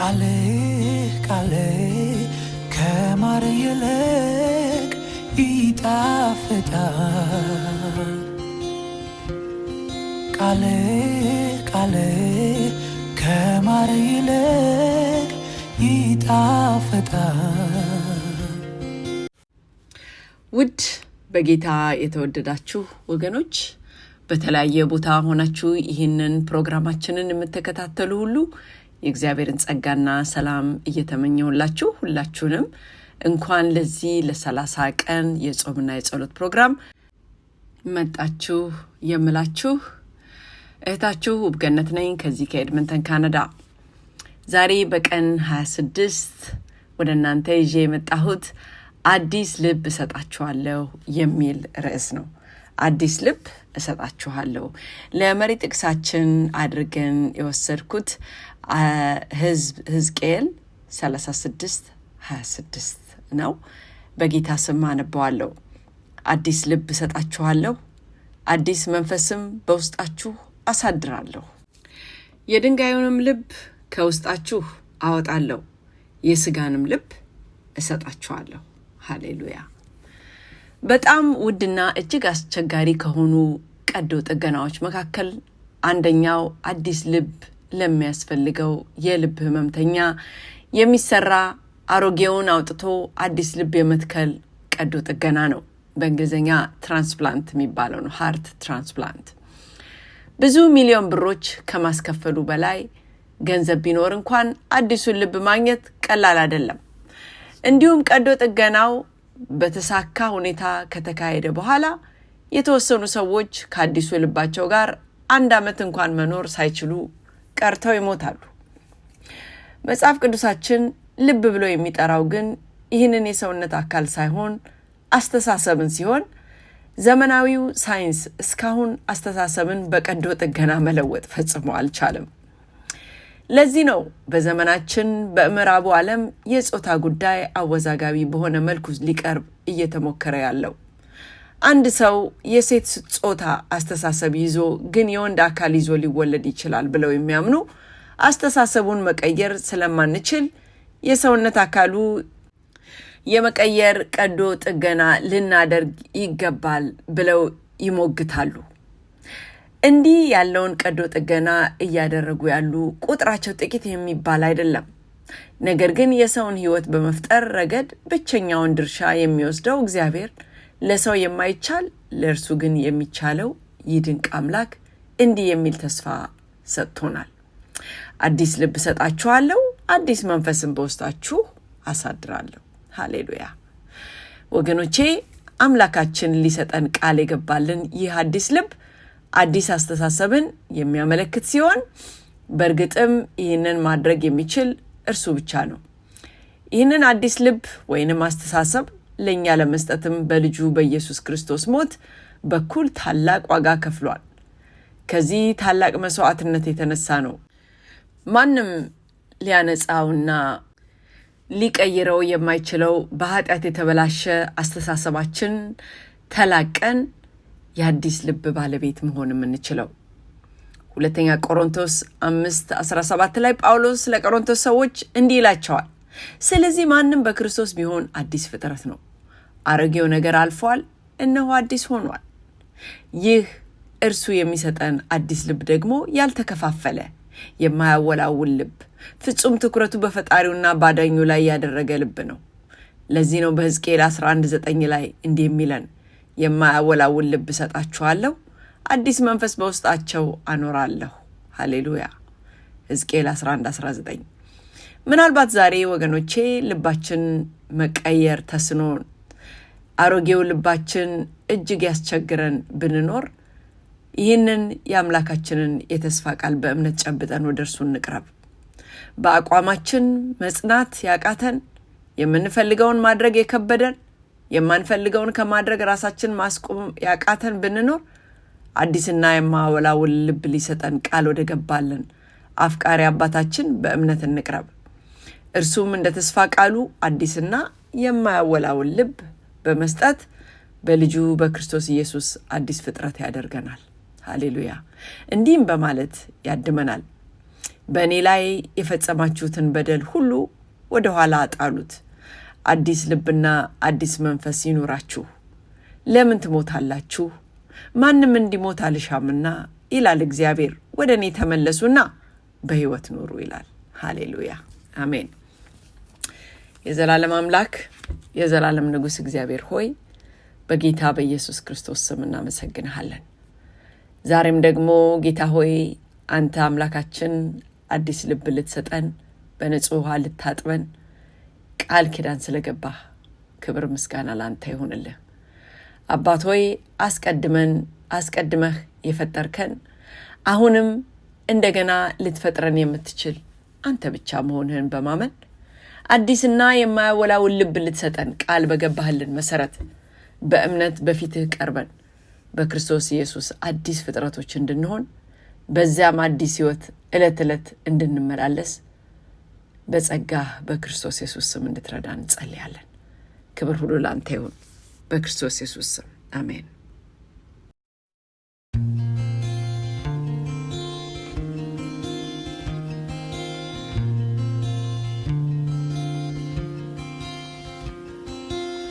ቃሌ ቃሌ ከማር ይልቅ ይጣፍጣል። ቃሌ ቃሌ ከማር ይልቅ ይጣፍጣል። ውድ በጌታ የተወደዳችሁ ወገኖች በተለያየ ቦታ ሆናችሁ ይህንን ፕሮግራማችንን የምትከታተሉ ሁሉ የእግዚአብሔርን ጸጋና ሰላም እየተመኘውላችሁ ሁላችሁንም እንኳን ለዚህ ለሰላሳ ቀን የጾምና የጸሎት ፕሮግራም መጣችሁ የምላችሁ እህታችሁ ውብገነት ነኝ ከዚህ ከኤድመንተን ካናዳ። ዛሬ በቀን 26 ወደ እናንተ ይዤ የመጣሁት አዲስ ልብ እሰጣችኋለሁ የሚል ርዕስ ነው። አዲስ ልብ እሰጣችኋለሁ። ለመሪ ጥቅሳችን አድርገን የወሰድኩት ህዝብ ሕዝቅኤል 36 26 ነው። በጌታ ስም አነበዋለሁ። አዲስ ልብ እሰጣችኋለሁ፣ አዲስ መንፈስም በውስጣችሁ አሳድራለሁ። የድንጋዩንም ልብ ከውስጣችሁ አወጣለሁ፣ የስጋንም ልብ እሰጣችኋለሁ። ሃሌሉያ። በጣም ውድና እጅግ አስቸጋሪ ከሆኑ ቀዶ ጥገናዎች መካከል አንደኛው አዲስ ልብ ለሚያስፈልገው የልብ ህመምተኛ የሚሰራ አሮጌውን አውጥቶ አዲስ ልብ የመትከል ቀዶ ጥገና ነው። በእንግሊዝኛ ትራንስፕላንት የሚባለው ነው። ሃርት ትራንስፕላንት ብዙ ሚሊዮን ብሮች ከማስከፈሉ በላይ ገንዘብ ቢኖር እንኳን አዲሱን ልብ ማግኘት ቀላል አይደለም። እንዲሁም ቀዶ ጥገናው በተሳካ ሁኔታ ከተካሄደ በኋላ የተወሰኑ ሰዎች ከአዲሱ ልባቸው ጋር አንድ ዓመት እንኳን መኖር ሳይችሉ ቀርተው ይሞታሉ። መጽሐፍ ቅዱሳችን ልብ ብሎ የሚጠራው ግን ይህንን የሰውነት አካል ሳይሆን አስተሳሰብን ሲሆን ዘመናዊው ሳይንስ እስካሁን አስተሳሰብን በቀዶ ጥገና መለወጥ ፈጽሞ አልቻለም። ለዚህ ነው በዘመናችን በምዕራቡ ዓለም የጾታ ጉዳይ አወዛጋቢ በሆነ መልኩ ሊቀርብ እየተሞከረ ያለው። አንድ ሰው የሴት ጾታ አስተሳሰብ ይዞ ግን የወንድ አካል ይዞ ሊወለድ ይችላል ብለው የሚያምኑ አስተሳሰቡን መቀየር ስለማንችል የሰውነት አካሉ የመቀየር ቀዶ ጥገና ልናደርግ ይገባል ብለው ይሞግታሉ። እንዲህ ያለውን ቀዶ ጥገና እያደረጉ ያሉ ቁጥራቸው ጥቂት የሚባል አይደለም። ነገር ግን የሰውን ሕይወት በመፍጠር ረገድ ብቸኛውን ድርሻ የሚወስደው እግዚአብሔር ለሰው የማይቻል ለእርሱ ግን የሚቻለው ይህ ድንቅ አምላክ እንዲህ የሚል ተስፋ ሰጥቶናል። አዲስ ልብ ሰጣችኋለሁ፣ አዲስ መንፈስን በውስጣችሁ አሳድራለሁ። ሃሌሉያ ወገኖቼ፣ አምላካችን ሊሰጠን ቃል የገባልን ይህ አዲስ ልብ አዲስ አስተሳሰብን የሚያመለክት ሲሆን በእርግጥም ይህንን ማድረግ የሚችል እርሱ ብቻ ነው። ይህንን አዲስ ልብ ወይንም አስተሳሰብ ለእኛ ለመስጠትም በልጁ በኢየሱስ ክርስቶስ ሞት በኩል ታላቅ ዋጋ ከፍሏል። ከዚህ ታላቅ መስዋዕትነት የተነሳ ነው ማንም ሊያነጻውና ሊቀይረው የማይችለው በኃጢአት የተበላሸ አስተሳሰባችን ተላቀን የአዲስ ልብ ባለቤት መሆን የምንችለው። ሁለተኛ ቆሮንቶስ አምስት 17 ላይ ጳውሎስ ለቆሮንቶስ ሰዎች እንዲህ ይላቸዋል፣ ስለዚህ ማንም በክርስቶስ ቢሆን አዲስ ፍጥረት ነው አሮጌው ነገር አልፏል፣ እነሆ አዲስ ሆኗል። ይህ እርሱ የሚሰጠን አዲስ ልብ ደግሞ ያልተከፋፈለ የማያወላውል ልብ፣ ፍጹም ትኩረቱ በፈጣሪውና ባዳኙ ላይ ያደረገ ልብ ነው። ለዚህ ነው በሕዝቅኤል 11፥9 ላይ እንዲህ የሚለን የማያወላውል ልብ እሰጣችኋለሁ፣ አዲስ መንፈስ በውስጣቸው አኖራለሁ። ሃሌሉያ። ሕዝቅኤል 11፥19 ምናልባት ዛሬ ወገኖቼ ልባችን መቀየር ተስኖ አሮጌው ልባችን እጅግ ያስቸግረን ብንኖር ይህንን የአምላካችንን የተስፋ ቃል በእምነት ጨብጠን ወደ እርሱ እንቅረብ። በአቋማችን መጽናት ያቃተን፣ የምንፈልገውን ማድረግ የከበደን፣ የማንፈልገውን ከማድረግ ራሳችን ማስቆም ያቃተን ብንኖር አዲስና የማወላውል ልብ ሊሰጠን ቃል ወደ ገባልን አፍቃሪ አባታችን በእምነት እንቅረብ። እርሱም እንደ ተስፋ ቃሉ አዲስና የማያወላውል ልብ በመስጠት በልጁ በክርስቶስ ኢየሱስ አዲስ ፍጥረት ያደርገናል። ሃሌሉያ! እንዲህም በማለት ያድመናል፣ በእኔ ላይ የፈጸማችሁትን በደል ሁሉ ወደ ኋላ አጣሉት፣ አዲስ ልብና አዲስ መንፈስ ይኑራችሁ። ለምን ትሞታላችሁ? ማንም እንዲሞት አልሻምና ይላል እግዚአብሔር። ወደ እኔ ተመለሱና በሕይወት ኑሩ ይላል። ሃሌሉያ! አሜን። የዘላለም አምላክ የዘላለም ንጉሥ እግዚአብሔር ሆይ በጌታ በኢየሱስ ክርስቶስ ስም እናመሰግንሃለን። ዛሬም ደግሞ ጌታ ሆይ አንተ አምላካችን አዲስ ልብ ልትሰጠን በንጹሕ ውሃ ልታጥበን ቃል ኪዳን ስለገባህ ክብር ምስጋና ለአንተ ይሁንልህ። አባት ሆይ አስቀድመን አስቀድመህ የፈጠርከን አሁንም እንደገና ልትፈጥረን የምትችል አንተ ብቻ መሆንህን በማመን አዲስና የማያወላውን ልብ ልትሰጠን ቃል በገባህልን መሰረት በእምነት በፊትህ ቀርበን በክርስቶስ ኢየሱስ አዲስ ፍጥረቶች እንድንሆን በዚያም አዲስ ሕይወት ዕለት ዕለት እንድንመላለስ በጸጋህ በክርስቶስ ኢየሱስ ስም እንድትረዳን እንጸልያለን። ክብር ሁሉ ላንተ ይሁን። በክርስቶስ ኢየሱስ ስም አሜን።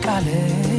calais.